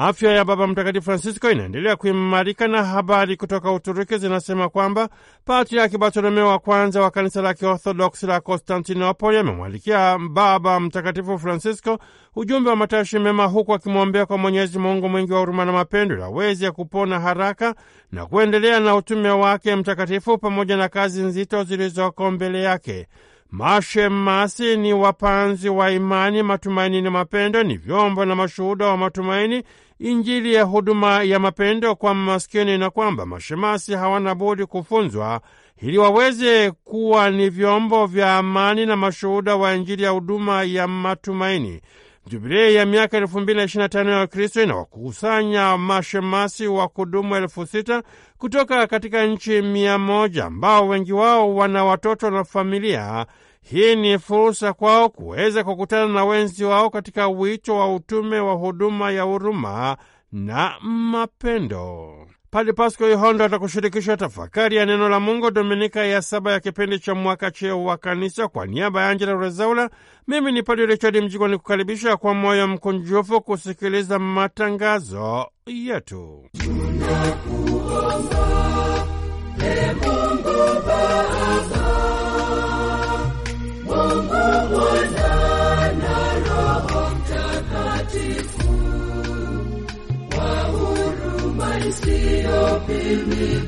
Afya ya Baba Mtakatifu Francisco inaendelea kuimarika na habari kutoka Uturuki zinasema kwamba Patriaki Bartolomeo wa kwanza wa kanisa la Kiorthodoksi la Konstantinopoli amemwalikia Baba Mtakatifu Francisco ujumbe wa matashi mema, huku akimwombea kwa Mwenyezi Mungu mwingi wa huruma na mapendo ili aweze kupona haraka na kuendelea na utume wake mtakatifu pamoja na kazi nzito zilizoko mbele yake. Mashemasi ni wapanzi wa imani, matumaini na mapendo, ni vyombo na mashuhuda wa matumaini, Injili ya huduma ya mapendo kwa maskini, na kwamba mashemasi hawana budi kufunzwa ili waweze kuwa ni vyombo vya amani na mashuhuda wa Injili ya huduma ya matumaini. Jubilei ya miaka tano ya Wakristo inawakusanya mashemasi wa kudumu elfu sita kutoka katika nchi mia moja ambao wengi wao wana watoto na familia. Hii ni fursa kwao kuweza kukutana na wenzi wao katika wito wa utume wa huduma ya huruma na mapendo. Padi Pasko Ihondo atakushirikisha tafakari ya neno la Mungu dominika ya saba ya kipindi cha mwaka cheo wa Kanisa. Kwa niaba ya Angela Rezaula, mimi ni Padi Richard Mjigwa ni kukaribisha kwa moyo mkunjufu kusikiliza matangazo yetu Tuna give me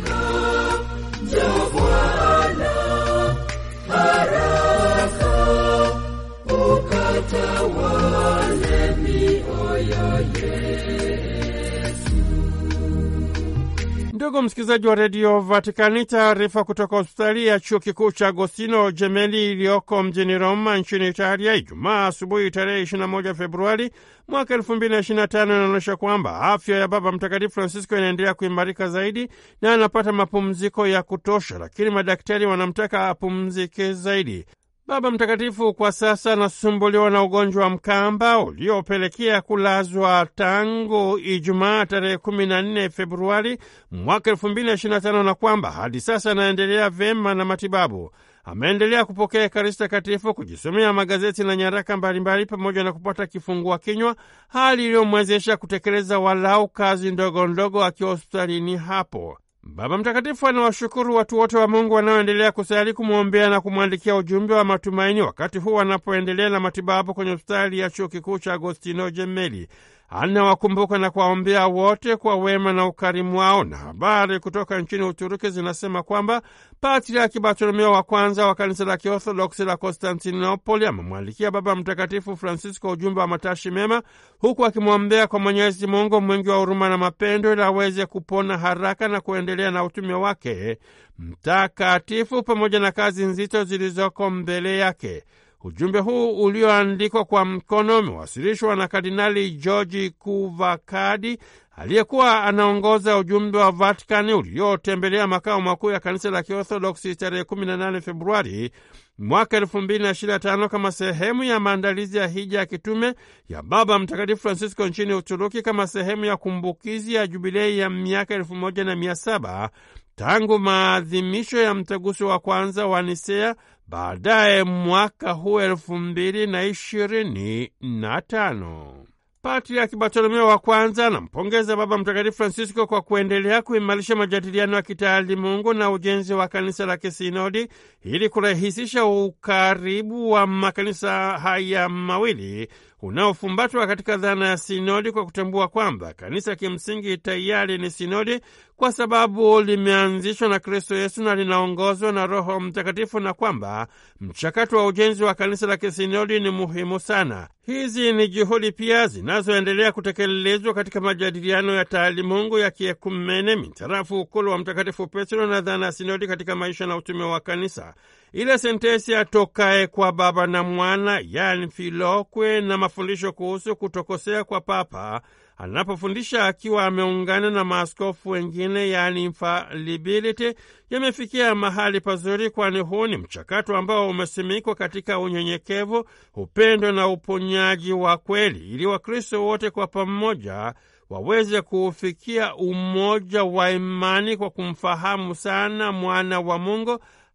Ndugu msikilizaji wa redio Vatikani, taarifa kutoka hospitali ya chuo kikuu cha Agostino Jemeli iliyoko mjini Roma nchini Italia Ijumaa asubuhi tarehe 21 Februari mwaka 2025 inaonyesha kwamba afya ya Baba Mtakatifu Francisco inaendelea kuimarika zaidi na anapata mapumziko ya kutosha, lakini madaktari wanamtaka apumzike zaidi. Baba Mtakatifu kwa sasa anasumbuliwa na ugonjwa wa mkamba uliopelekea kulazwa tangu Ijumaa tarehe 14 Februari mwaka 2025 na kwamba hadi sasa anaendelea vyema na matibabu. Ameendelea kupokea Ekaristi Takatifu, kujisomea magazeti na nyaraka mbalimbali, pamoja na kupata kifungua kinywa, hali iliyomwezesha kutekeleza walau kazi ndogo ndogo akiwa hospitalini hapo. Baba Mtakatifu anawashukuru watu wote wa Mungu wanaoendelea kusali kumwombea na kumwandikia ujumbe wa matumaini wakati huu wanapoendelea na matibabu kwenye hospitali ya chuo kikuu cha Agostino Jemeli anawakumbuka na kuwaombea wote kwa wema na ukarimu wao. Na habari kutoka nchini Uturuki zinasema kwamba Patriaki Bartolomeo wa kwanza wa kanisa la Kiorthodoksi la Konstantinopoli amemwalikia Baba Mtakatifu Francisco ujumbe wa matashi mema, huku akimwombea kwa Mwenyezi Mungu mwingi wa huruma na mapendo, ili aweze kupona haraka na kuendelea na utume wake mtakatifu pamoja na kazi nzito zilizoko mbele yake. Ujumbe huu ulioandikwa kwa mkono umewasilishwa na Kardinali Georgi Kuvakadi aliyekuwa anaongoza ujumbe wa Vatikani uliotembelea makao makuu ya kanisa la Kiorthodoksi tarehe 18 Februari mwaka 2025 kama sehemu ya maandalizi ya hija ya kitume ya Baba Mtakatifu Francisco nchini Uturuki kama sehemu ya kumbukizi ya jubilei ya miaka 1700 tangu maadhimisho ya mtaguso wa kwanza wa Nisea baadaye mwaka huu elfu mbili na ishirini na tano. Patriaki Bartolomeo wa kwanza anampongeza Baba Mtakatifu Francisco kwa kuendelea kuimarisha majadiliano ya kitaalimungu na ujenzi wa kanisa la kisinodi ili kurahisisha ukaribu wa makanisa haya mawili unaofumbatwa katika dhana ya sinodi kwa kutambua kwamba kanisa kimsingi tayari ni sinodi kwa sababu limeanzishwa na Kristo Yesu na linaongozwa na Roho Mtakatifu na kwamba mchakato wa ujenzi wa kanisa la kisinodi ni muhimu sana. Hizi ni juhudi pia zinazoendelea kutekelezwa katika majadiliano ya taalimungu ya kiekumene mitarafu ukulu wa Mtakatifu Petro na dhana ya sinodi katika maisha na utume wa kanisa ile sentensi atokaye kwa Baba na Mwana, yani filokwe, na mafundisho kuhusu kutokosea kwa Papa anapofundisha akiwa ameungana na maaskofu wengine, yani infallibility, yamefikia mahali pazuri, kwani huu ni mchakato ambao umesimikwa katika unyenyekevu, upendo na uponyaji wa kweli, ili Wakristo wote kwa pamoja waweze kuufikia umoja wa imani kwa kumfahamu sana mwana wa Mungu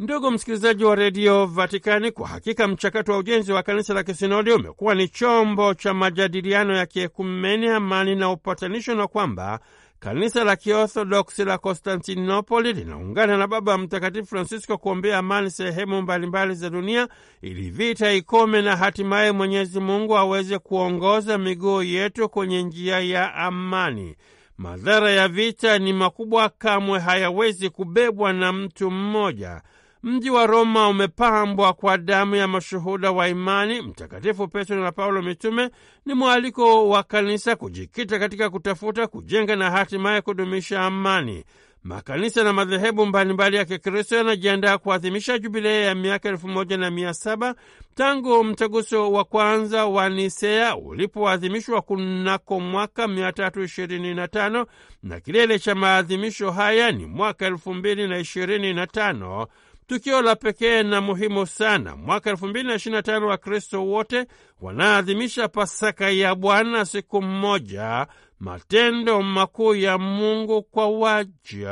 Ndugu msikilizaji wa redio Vatikani, kwa hakika mchakato wa ujenzi wa kanisa la kisinodi umekuwa ni chombo cha majadiliano ya kiekumene, amani na upatanisho, na kwamba kanisa la kiorthodoksi la Konstantinopoli linaungana na Baba Mtakatifu Francisco kuombea amani sehemu mbalimbali za dunia ili vita ikome na hatimaye Mwenyezi Mungu aweze kuongoza miguu yetu kwenye njia ya amani. Madhara ya vita ni makubwa, kamwe hayawezi kubebwa na mtu mmoja. Mji wa Roma umepambwa kwa damu ya mashuhuda wa imani Mtakatifu Petro na Paulo mitume. Ni mwaliko wa kanisa kujikita katika kutafuta, kujenga na hatimaye kudumisha amani. Makanisa na madhehebu mbalimbali ya Kikristo yanajiandaa kuadhimisha jubilei ya miaka elfu moja na mia saba tangu mtaguso wa kwanza wa Nisea ulipoadhimishwa kunako mwaka 325 na kilele cha maadhimisho haya ni mwaka elfu mbili na ishirini na tano tukio la pekee na muhimu sana. Mwaka elfu mbili na na tano Wakristo wote wanaadhimisha Pasaka ya Bwana, siku mmoja, matendo makuu ya Mungu kwa waja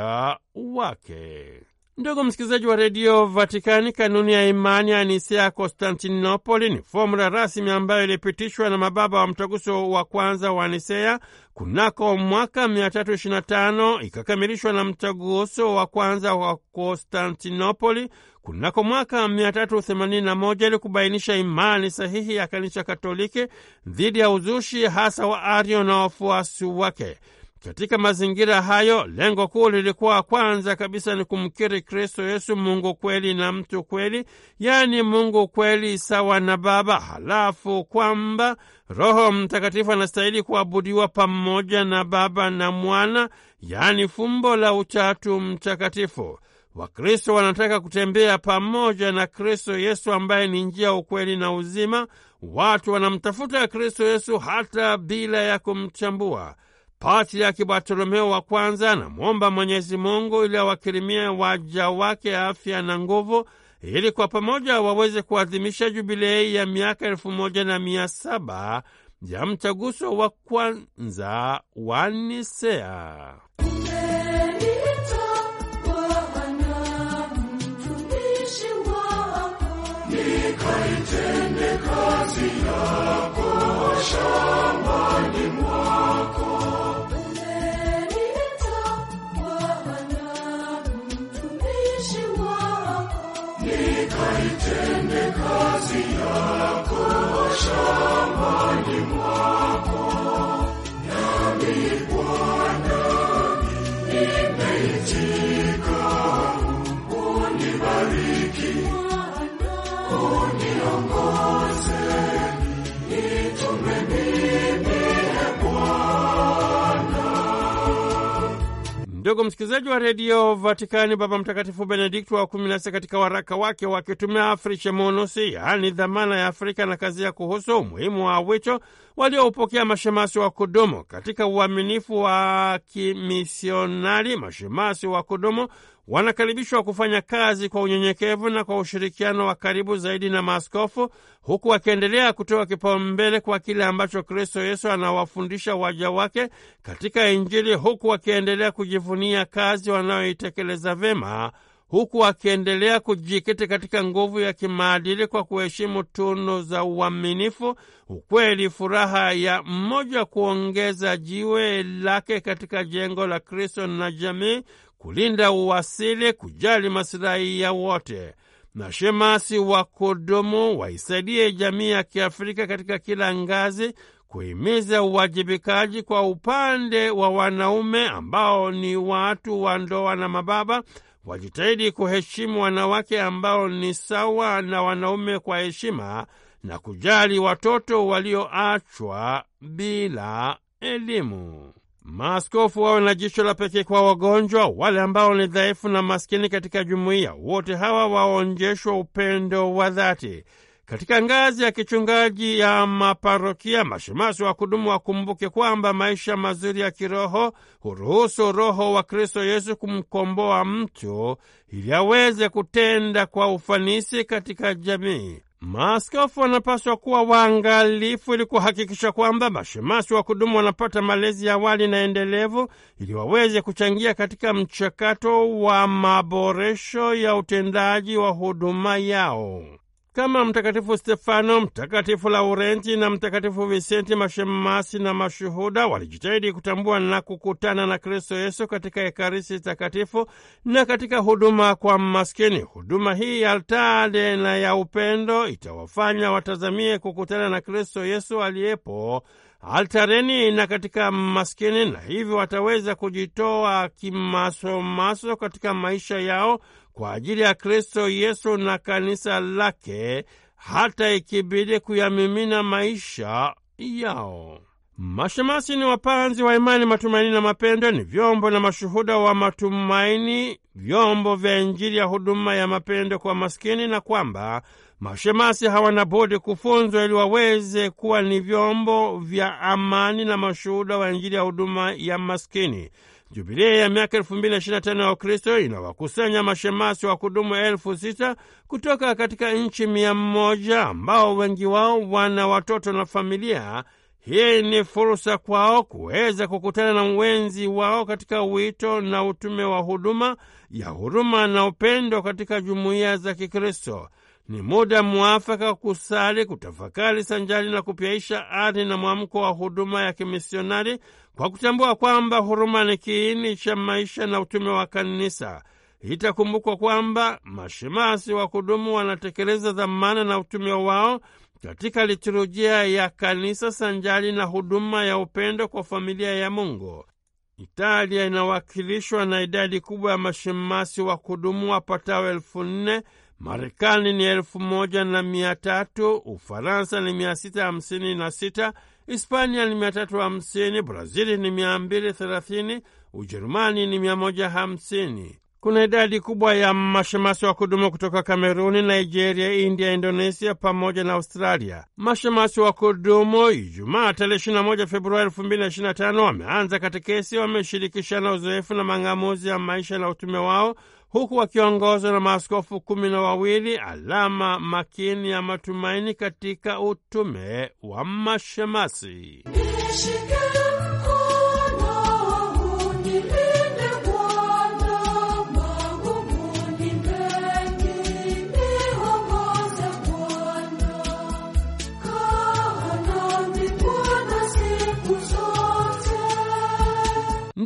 wake. Ndugu msikilizaji wa redio Vatikani, kanuni ya imani ya Nisea Konstantinopoli ni fomula rasmi ambayo ilipitishwa na mababa wa mtaguso wa kwanza wa Nisea kunako mwaka 325 ikakamilishwa na mtaguso wa kwanza wa Konstantinopoli kunako mwaka 381 ili kubainisha imani sahihi ya Kanisa Katoliki dhidi ya uzushi hasa wa Ario na wafuasi wake. Katika mazingira hayo, lengo kuu lilikuwa kwanza kabisa ni kumkiri Kristo Yesu, Mungu kweli na mtu kweli, yaani Mungu kweli sawa na Baba, halafu kwamba Roho Mtakatifu anastahili kuabudiwa pamoja na Baba na Mwana, yaani fumbo la Utatu Mtakatifu. Wakristo wanataka kutembea pamoja na Kristo Yesu ambaye ni njia, ukweli na uzima. Watu wanamtafuta Kristo Yesu hata bila ya kumchambua. Patriaki Bartolomeo wa kwanza anamwomba Mwenyezi Mungu ili awakirimie waja wake afya na nguvu ili kwa pamoja waweze kuadhimisha jubilei ya miaka elfu moja na mia saba ya mtaguso wa kwanza wa Nisea. Nikaitende kazi yako shambani Ukaitende kazi yako shambani mwako, nami Bwana nimeitika Ndugu msikilizaji wa redio Vatikani, Baba Mtakatifu Benedikto wa kumi na sita katika waraka wake wakitumia afriche Monusi, yaani dhamana ya Afrika, na kazi ya kuhusu umuhimu wa wito walioupokea mashemasi wa kudumu katika uaminifu wa kimisionari. Mashemasi wa kudumu wanakaribishwa kufanya kazi kwa unyenyekevu na kwa ushirikiano wa karibu zaidi na maaskofu, huku wakiendelea kutoa kipaumbele kwa kile ambacho Kristo Yesu anawafundisha waja wake katika Injili, huku wakiendelea kujivunia kazi wanayoitekeleza vema, huku wakiendelea kujikita katika nguvu ya kimaadili kwa kuheshimu tunu za uaminifu, ukweli, furaha ya mmoja kuongeza jiwe lake katika jengo la Kristo na jamii kulinda uwasili, kujali masilahi ya wote. Mashemasi wa kudumu waisaidie jamii ya Kiafrika katika kila ngazi kuhimiza uwajibikaji kwa upande wa wanaume ambao ni watu wa ndoa na mababa, wajitahidi kuheshimu wanawake ambao ni sawa na wanaume kwa heshima na kujali watoto walioachwa bila elimu. Maaskofu wawe na jicho la pekee kwa wagonjwa, wale ambao ni dhaifu na maskini katika jumuiya. Wote hawa waonjeshwa upendo wa dhati. Katika ngazi ya kichungaji ya maparokia, mashemasi wa kudumu wakumbuke kwamba maisha mazuri ya kiroho huruhusu Roho wa Kristo Yesu kumkomboa mtu ili aweze kutenda kwa ufanisi katika jamii. Maaskofu wanapaswa kuwa waangalifu ili kuhakikisha kwamba mashemasi wa kudumu wanapata malezi ya awali na endelevu ili waweze kuchangia katika mchakato wa maboresho ya utendaji wa huduma yao kama Mtakatifu Stefano, Mtakatifu Laurenti na Mtakatifu Visenti, mashemasi na mashuhuda walijitahidi kutambua na kukutana na Kristo Yesu katika Ekaristi Takatifu na katika huduma kwa maskini. Huduma hii ya altade na ya upendo itawafanya watazamie kukutana na Kristo Yesu aliyepo altareni na katika maskini, na hivyo wataweza kujitoa kimasomaso katika maisha yao kwa ajili ya Kristo Yesu na kanisa lake, hata ikibidi kuyamimina maisha yao. Mashemasi ni wapanzi wa imani, matumaini na mapendo, ni vyombo na mashuhuda wa matumaini, vyombo vya Injili ya huduma ya mapendo kwa maskini, na kwamba mashemasi hawana budi kufunzwa ili waweze kuwa ni vyombo vya amani na mashuhuda wa Injili ya huduma ya maskini jubilia ya miaka elfu mbili na ishirini na tano ya Ukristo inawakusanya mashemasi wa kudumu elfu sita kutoka katika nchi mia moja ambao wengi wao wana watoto na familia. Hii ni fursa kwao kuweza kukutana na wenzi wao katika wito na utume wa huduma ya huruma na upendo katika jumuiya za Kikristo ni muda mwafaka kusali, kutafakari sanjari na kupyaisha ari na mwamko wa huduma ya kimisionari kwa kutambua kwamba huruma ni kiini cha maisha na utume wa kanisa. Itakumbukwa kwamba mashemasi wa kudumu wanatekeleza dhamana na utume wao katika liturujia ya kanisa sanjari na huduma ya upendo kwa familia ya Mungu. Italia inawakilishwa na idadi kubwa ya mashemasi wa kudumu wapatao elfu nne Marekani ni elfu moja na mia tatu, Ufaransa ni mia sita hamsini na sita, Hispania ni mia tatu hamsini, Brazili ni mia mbili thelathini, Ujerumani ni mia moja hamsini. Kuna idadi kubwa ya mashemasi wa kudumu kutoka Kameruni, Nigeria, India, Indonesia pamoja na Australia. Mashemasi wa kudumu Ijumaa tarehe 21 Februari 2025 wameanza katekesi, wameshirikishana uzoefu na mang'amuzi ya maisha na utume wao huku wakiongozwa na maaskofu kumi na wawili, alama makini ya matumaini katika utume wa mashemasi.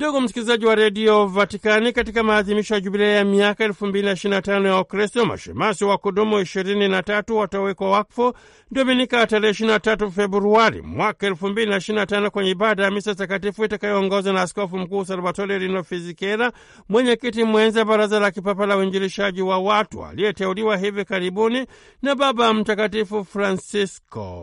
Ndugu msikilizaji wa redio Vatikani, katika maadhimisho ya jubilei ya miaka 225 ya Ukristo, mashemasi wa kudumu 23 watawekwa wakfu Dominika ya tarehe 23 Februari mwaka 225 kwenye ibada ya misa takatifu itakayoongozwa na Askofu Mkuu Salvatore Rino Fizikera, mwenyekiti mwenza Baraza la Kipapa la Uinjilishaji wa Watu, aliyeteuliwa hivi karibuni na Baba Mtakatifu Francisco.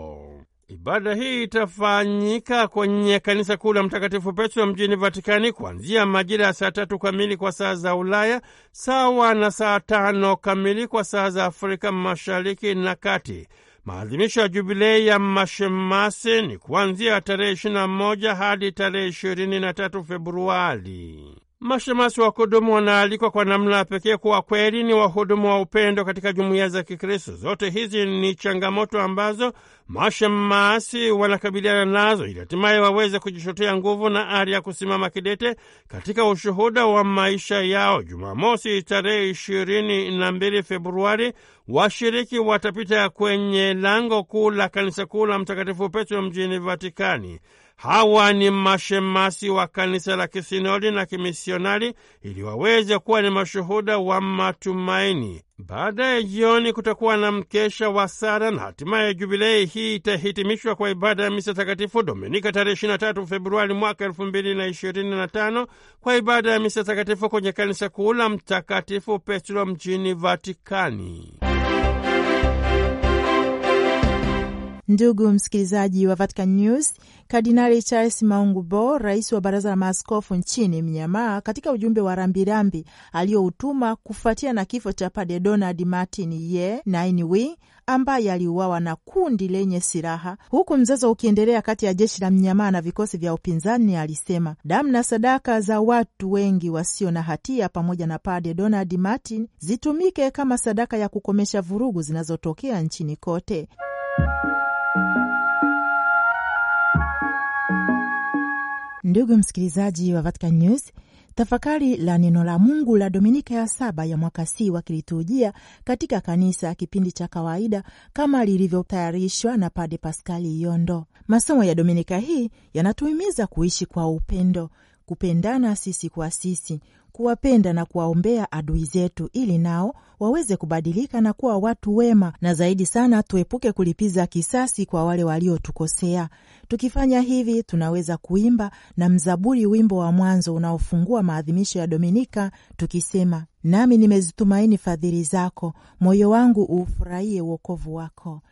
Ibada hii itafanyika kwenye kanisa kuu la Mtakatifu Petro mjini Vatikani kuanzia majira ya saa tatu kamili kwa saa za Ulaya, sawa na saa tano kamili kwa saa za Afrika Mashariki na Kati. Maadhimisho ya Jubilei ya Mashemasi ni kuanzia tarehe 21 hadi tarehe 23 Februari. Mashemasi wa kudumu wanaalikwa kwa namna ya pekee kuwa kweli ni wahudumu wa upendo katika jumuiya za Kikristo. Zote hizi ni changamoto ambazo mashemasi wanakabiliana nazo ili hatimaye waweze kujichotea nguvu na ari ya kusimama kidete katika ushuhuda wa maisha yao. Jumamosi tarehe ishirini na mbili Februari, washiriki watapita kwenye lango kuu la kanisa kuu la Mtakatifu Petro mjini Vatikani. Hawa ni mashemasi wa kanisa la kisinodi na kimisionari ili waweze kuwa ni mashuhuda wa matumaini. Baadaye jioni kutakuwa na mkesha wa sara na hatimaye jubilei hii itahitimishwa kwa ibada ya misa takatifu Dominika tarehe 23 Februari mwaka 2025 kwa ibada ya misa takatifu kwenye kanisa kuu la Mtakatifu Petro mjini Vatikani. Ndugu msikilizaji wa Vatican News, Kardinali Charles bo rais wa baraza la maaskofu nchini Myanmar, katika ujumbe wa rambirambi aliyoutuma kufuatia na kifo cha pade Donald Martin Ye Nainwi ambaye aliuawa na kundi lenye silaha, huku mzozo ukiendelea kati ya jeshi la Mnyamaa na vikosi vya upinzani, alisema damu na sadaka za watu wengi wasio na hatia pamoja na pade Donald Martin zitumike kama sadaka ya kukomesha vurugu zinazotokea nchini kote. Ndugu msikilizaji wa Vatican News, tafakari la neno la Mungu la Dominika ya saba ya mwaka C wa kiliturujia katika kanisa ya kipindi cha kawaida kama lilivyotayarishwa na Pade Paskali Yondo. Masomo ya Dominika hii yanatuhimiza kuishi kwa upendo, kupendana sisi kwa sisi, kuwapenda na kuwaombea adui zetu, ili nao waweze kubadilika na kuwa watu wema, na zaidi sana tuepuke kulipiza kisasi kwa wale waliotukosea. Tukifanya hivi, tunaweza kuimba na mzaburi wimbo wa mwanzo unaofungua maadhimisho ya Dominika tukisema: nami nimezitumaini fadhili zako, moyo wangu uufurahie uokovu wako.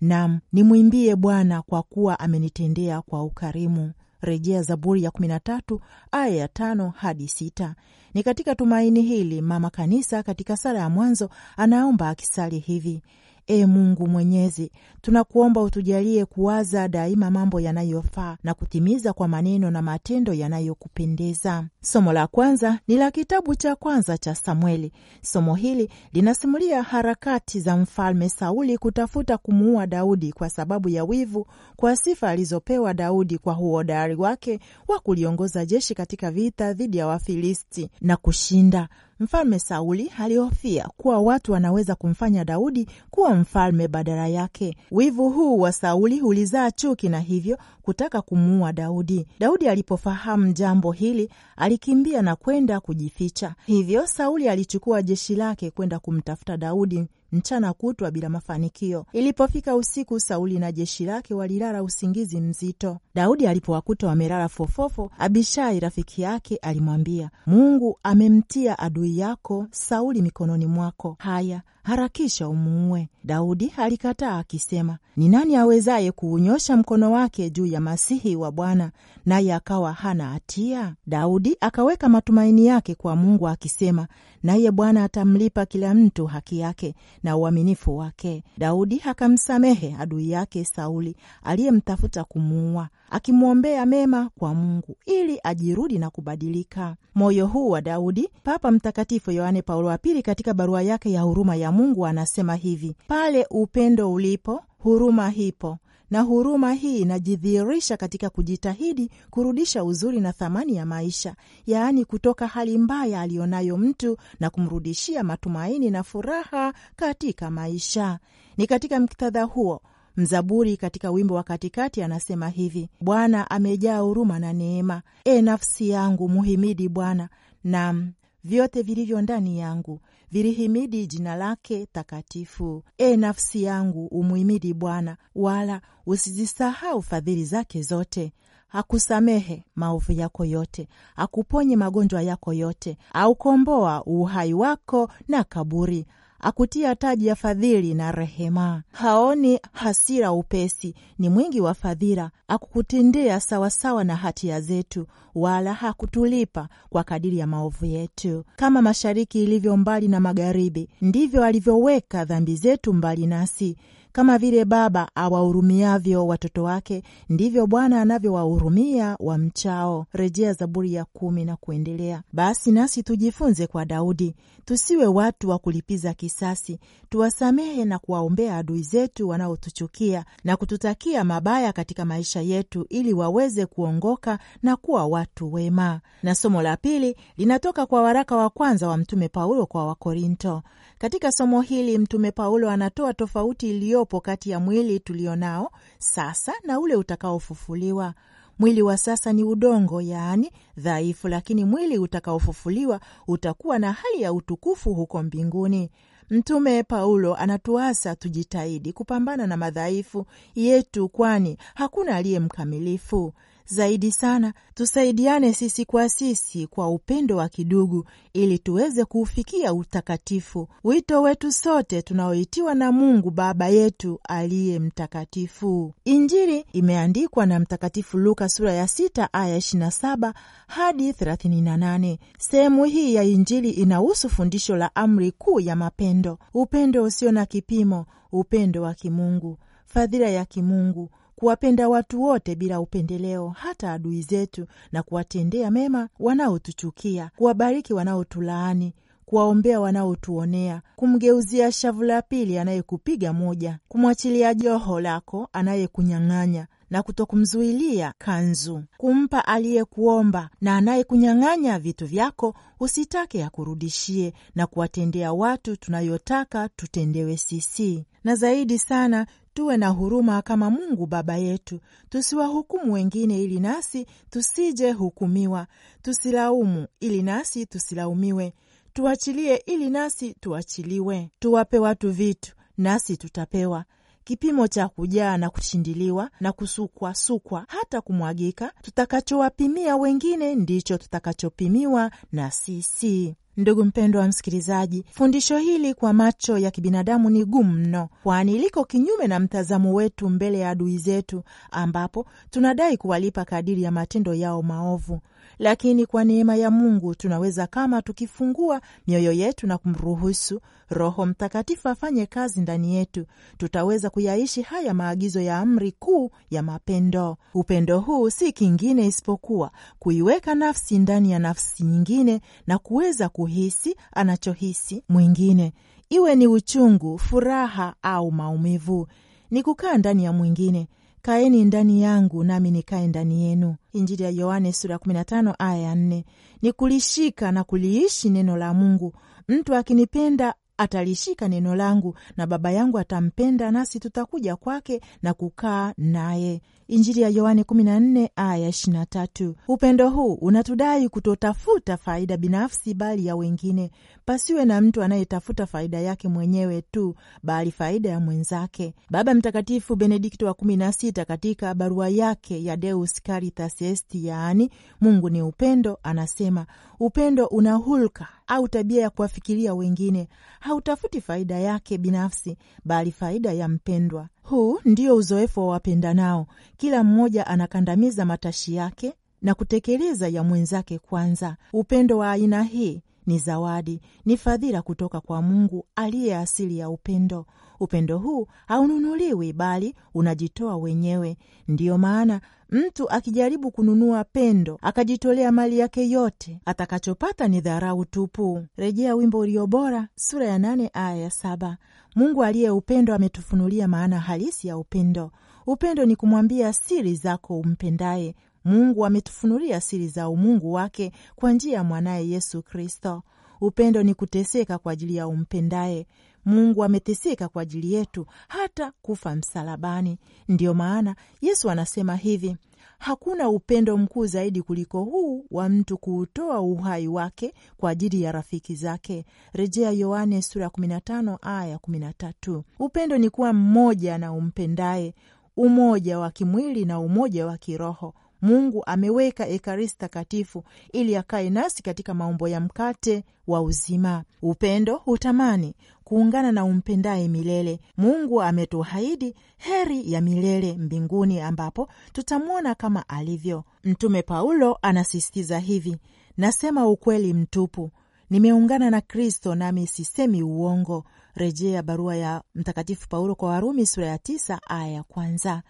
Nam nimwimbie Bwana kwa kuwa amenitendea kwa ukarimu rejea Zaburi ya 13 aya ya 5 hadi 6 Ni katika tumaini hili mama kanisa katika sala ya mwanzo anaomba akisali hivi: E Mungu Mwenyezi, tunakuomba utujalie kuwaza daima mambo yanayofaa na kutimiza kwa maneno na matendo yanayokupendeza. Somo la kwanza ni la kitabu cha kwanza cha Samueli. Somo hili linasimulia harakati za mfalme Sauli kutafuta kumuua Daudi kwa sababu ya wivu kwa sifa alizopewa Daudi kwa uhodari wake wa kuliongoza jeshi katika vita dhidi ya Wafilisti na kushinda. Mfalme Sauli alihofia kuwa watu wanaweza kumfanya Daudi kuwa mfalme badala yake. Wivu huu wa Sauli ulizaa chuki na hivyo kutaka kumuua Daudi. Daudi alipofahamu jambo hili, alikimbia na kwenda kujificha. Hivyo Sauli alichukua jeshi lake kwenda kumtafuta Daudi mchana kutwa bila mafanikio. Ilipofika usiku, Sauli na jeshi lake walilala usingizi mzito. Daudi alipowakuta wamelala fofofo, Abishai rafiki yake alimwambia, Mungu amemtia adui yako Sauli mikononi mwako. Haya, harakisha umuue. Daudi alikataa akisema, ni nani awezaye kuunyosha mkono wake juu ya masihi wa Bwana naye akawa hana hatia? Daudi akaweka matumaini yake kwa Mungu akisema, naye Bwana atamlipa kila mtu haki yake na uaminifu wake. Daudi akamsamehe adui yake Sauli aliyemtafuta kumuua, akimwombea mema kwa Mungu ili ajirudi na kubadilika. Moyo huu wa Daudi, Papa Mtakatifu Yohane Paulo wa Pili katika barua yake ya huruma ya Mungu anasema hivi: pale upendo ulipo, huruma hipo, na huruma hii inajidhihirisha katika kujitahidi kurudisha uzuri na thamani ya maisha, yaani kutoka hali mbaya aliyonayo mtu na kumrudishia matumaini na furaha katika maisha. Ni katika muktadha huo mzaburi katika wimbo wa katikati anasema hivi: Bwana amejaa huruma na neema. E nafsi yangu, muhimidi Bwana, nam vyote vilivyo ndani yangu vilihimidi jina lake takatifu. E nafsi yangu, umuhimidi Bwana, wala usizisahau fadhili zake zote. Hakusamehe maovu yako yote, akuponye magonjwa yako yote, aukomboa uhai wako na kaburi, akutia taji ya fadhili na rehema, haoni hasira upesi, ni mwingi wa fadhila, akukutendea sawasawa na hatia zetu, wala hakutulipa kwa kadiri ya maovu yetu. Kama mashariki ilivyo mbali na magharibi, ndivyo alivyoweka dhambi zetu mbali nasi, kama vile Baba awahurumiavyo watoto wake, ndivyo Bwana anavyowahurumia wamchao. Rejea Zaburi ya kumi na kuendelea. Basi nasi tujifunze kwa Daudi, tusiwe watu wa kulipiza kisasi, tuwasamehe na kuwaombea adui zetu wanaotuchukia na kututakia mabaya katika maisha yetu, ili waweze kuongoka na kuwa watu wema. Na somo la pili linatoka kwa waraka wa kwanza wa Mtume Paulo kwa Wakorinto katika somo hili Mtume Paulo anatoa tofauti iliyopo kati ya mwili nao sasa na ule utakaofufuliwa. Mwili wa sasa ni udongo, yaani dhaifu, lakini mwili utakaofufuliwa utakuwa na hali ya utukufu huko mbinguni. Mtume Paulo anatuasa tujitahidi kupambana na madhaifu yetu, kwani hakuna aliye mkamilifu zaidi sana tusaidiane sisi kwa sisi kwa upendo wa kidugu ili tuweze kuufikia utakatifu, wito wetu sote tunaoitiwa na Mungu Baba yetu aliye mtakatifu. Injili imeandikwa na Mtakatifu Luka sura ya 6 aya 27 hadi 38. Sehemu hii ya Injili inahusu fundisho la amri kuu ya mapendo, upendo usio na kipimo, upendo wa kimungu, fadhila ya kimungu kuwapenda watu wote bila upendeleo, hata adui zetu, na kuwatendea mema wanaotuchukia, kuwabariki wanaotulaani kuwaombea wanaotuonea, kumgeuzia shavu la pili anayekupiga moja, kumwachilia joho lako anayekunyang'anya na kutokumzuilia kanzu, kumpa aliyekuomba, na anayekunyang'anya vitu vyako usitake akurudishie, na kuwatendea watu tunayotaka tutendewe sisi. Na zaidi sana Tuwe na huruma kama Mungu Baba yetu, tusiwahukumu wengine ili nasi tusije hukumiwa, tusilaumu ili nasi tusilaumiwe, tuachilie ili nasi tuachiliwe, tuwape watu vitu nasi tutapewa kipimo cha kujaa na kushindiliwa na kusukwa sukwa hata kumwagika, tutakachowapimia wengine ndicho tutakachopimiwa na sisi. Ndugu mpendwa wa msikilizaji, fundisho hili kwa macho ya kibinadamu ni gumu mno, kwani liko kinyume na mtazamo wetu mbele ya adui zetu, ambapo tunadai kuwalipa kadiri ya matendo yao maovu lakini kwa neema ya Mungu tunaweza kama tukifungua mioyo yetu na kumruhusu Roho Mtakatifu afanye kazi ndani yetu, tutaweza kuyaishi haya maagizo ya amri kuu ya mapendo. Upendo huu si kingine isipokuwa kuiweka nafsi ndani ya nafsi nyingine na kuweza kuhisi anachohisi mwingine, iwe ni uchungu, furaha au maumivu ni kukaa ndani ya mwingine kaeni ndani yangu nami nikae ndani yenu. Injili ya Yohane sura ya 15 aya ya 4. Ni kulishika na kuliishi neno la Mungu. Mtu akinipenda atalishika neno langu na Baba yangu atampenda, nasi tutakuja kwake na kukaa naye. Injili ya Yohane 14 aya 23. Upendo huu unatudai kutotafuta faida binafsi, bali ya wengine. Pasiwe na mtu anayetafuta faida yake mwenyewe tu, bali faida ya mwenzake. Baba Mtakatifu Benedikto wa kumi na sita katika barua yake ya Deus Caritas Est, yaani Mungu ni upendo, anasema upendo una hulka au tabia ya kuwafikiria wengine, hautafuti faida yake binafsi, bali faida ya mpendwa. Huu ndio uzoefu wa wapenda nao Kila mmoja anakandamiza matashi yake na kutekeleza ya mwenzake kwanza. Upendo wa aina hii ni zawadi, ni fadhila kutoka kwa Mungu aliye asili ya upendo. Upendo huu haununuliwi, bali unajitoa wenyewe. Ndiyo maana mtu akijaribu kununua pendo akajitolea mali yake yote, atakachopata ni dharau tupu. Rejea wimbo ulio bora sura ya nane aya ya saba. Mungu aliye upendo ametufunulia maana halisi ya upendo. Upendo ni kumwambia siri zako umpendaye Mungu ametufunulia siri za umungu wake kwa njia ya mwanaye Yesu Kristo. Upendo ni kuteseka kwa ajili ya umpendaye. Mungu ameteseka kwa ajili yetu hata kufa msalabani. Ndiyo maana Yesu anasema hivi: hakuna upendo mkuu zaidi kuliko huu wa mtu kuutoa uhai wake kwa ajili ya rafiki zake. Rejea Yohane sura ya 15 aya 13. Upendo ni kuwa mmoja na umpendaye, umoja wa kimwili na umoja wa kiroho Mungu ameweka Ekaristi takatifu ili akae nasi katika maumbo ya mkate wa uzima. Upendo hutamani kuungana na umpendaye milele. Mungu ametuahidi heri ya milele mbinguni, ambapo tutamwona kama alivyo. Mtume Paulo anasisitiza hivi, nasema ukweli mtupu, nimeungana na Kristo nami sisemi uongo. Rejea barua ya Mtakatifu Paulo kwa Warumi sura ya 9 aya ya kwanza.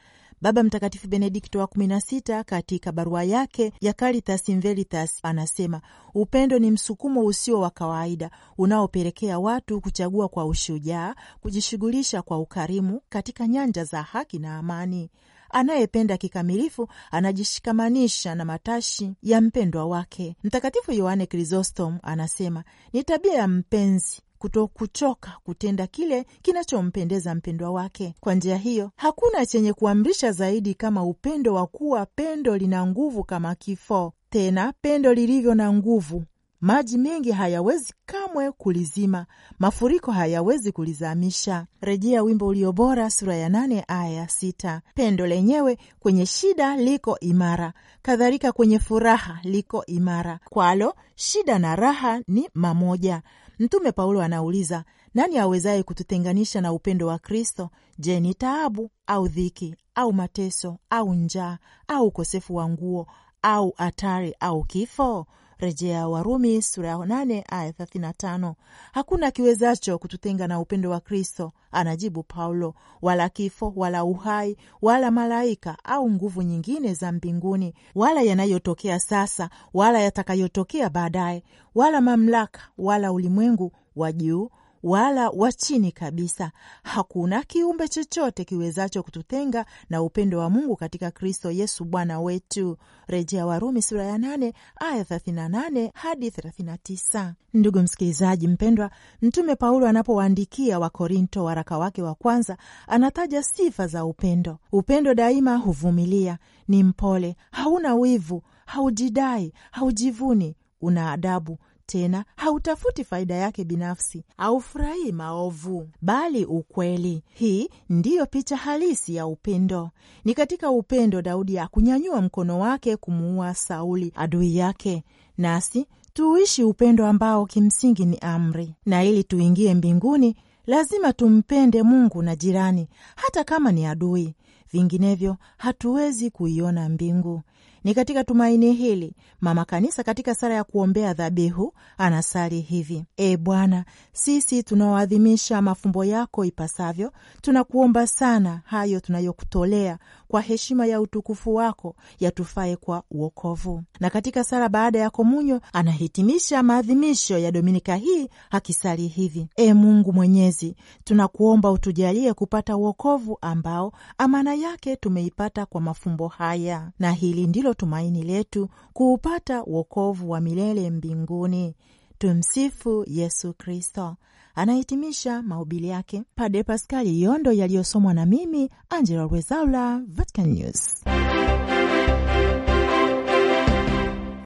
Baba Mtakatifu Benedikto wa kumi na sita katika barua yake ya Caritas in Veritas anasema upendo ni msukumo usio wa kawaida unaopelekea watu kuchagua kwa ushujaa kujishughulisha kwa ukarimu katika nyanja za haki na amani. Anayependa kikamilifu anajishikamanisha na matashi ya mpendwa wake. Mtakatifu Yohane Krisostom anasema ni tabia ya mpenzi kutokuchoka kutenda kile kinachompendeza mpendwa wake. Kwa njia hiyo, hakuna chenye kuamrisha zaidi kama upendo, wa kuwa pendo lina nguvu kama kifo, tena pendo lilivyo na nguvu maji mengi hayawezi kamwe kulizima, mafuriko hayawezi kulizamisha. Rejea wimbo ulio bora sura ya nane aya sita. Pendo lenyewe kwenye shida liko imara, kadhalika kwenye furaha liko imara, kwalo shida na raha ni mamoja. Mtume Paulo anauliza, nani awezaye kututenganisha na upendo wa Kristo? Je, ni taabu au dhiki au mateso au njaa au ukosefu wa nguo au hatari au kifo? rejea Warumi sura ya 8 aya 35. Hakuna kiwezacho kututenga na upendo wa Kristo, anajibu Paulo, wala kifo wala uhai wala malaika au nguvu nyingine za mbinguni, wala yanayotokea sasa wala yatakayotokea baadaye, wala mamlaka wala ulimwengu wa juu wala wa chini kabisa. Hakuna kiumbe chochote kiwezacho kututenga na upendo wa Mungu katika Kristo Yesu Bwana wetu. Rejea Warumi sura ya 8 aya 38 hadi 39. Ndugu msikilizaji mpendwa, Mtume Paulo anapowaandikia Wakorinto waraka wake wa kwanza, anataja sifa za upendo. Upendo daima huvumilia, ni mpole, hauna wivu, haujidai, haujivuni una adabu, tena hautafuti faida yake binafsi, haufurahii maovu, bali ukweli. Hii ndiyo picha halisi ya upendo. Ni katika upendo Daudi akunyanyua mkono wake kumuua Sauli adui yake, nasi tuishi upendo ambao kimsingi ni amri, na ili tuingie mbinguni lazima tumpende Mungu na jirani, hata kama ni adui. Vinginevyo hatuwezi kuiona mbingu. Ni katika tumaini hili mama kanisa katika sala ya kuombea dhabihu anasali hivi: E Bwana, sisi tunaoadhimisha mafumbo yako ipasavyo, tunakuomba sana hayo tunayokutolea kwa heshima ya utukufu wako yatufae kwa uokovu. Na katika sala baada ya komunyo anahitimisha maadhimisho ya dominika hii akisali hivi: E Mungu Mwenyezi, tunakuomba utujalie kupata uokovu ambao amana yake tumeipata kwa mafumbo haya, na hili ndilo tumaini letu kuupata uokovu wa milele mbinguni. Tumsifu Yesu Kristo. Anahitimisha mahubiri yake Pade Paskali Yondo, yaliyosomwa na mimi Angela Rwezaula, Vatican News.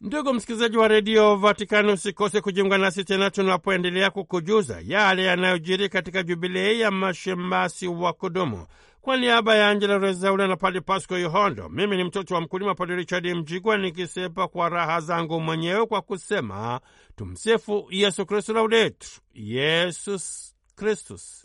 Ndugu msikilizaji wa redio Vatikani, usikose kujiunga nasi tena tunapoendelea kukujuza yale yanayojiri katika jubilei ya mashemasi wa kudumu. Kwa niaba ya Angela Rezaula na Padre Pasco Yohondo, mimi ni mtoto wa mkulima Padre Richard Mjigwa, nikisepa kwa raha zangu mwenyewe kwa kusema tumsifu Yesu Kristu, laudetur Yesus Kristus.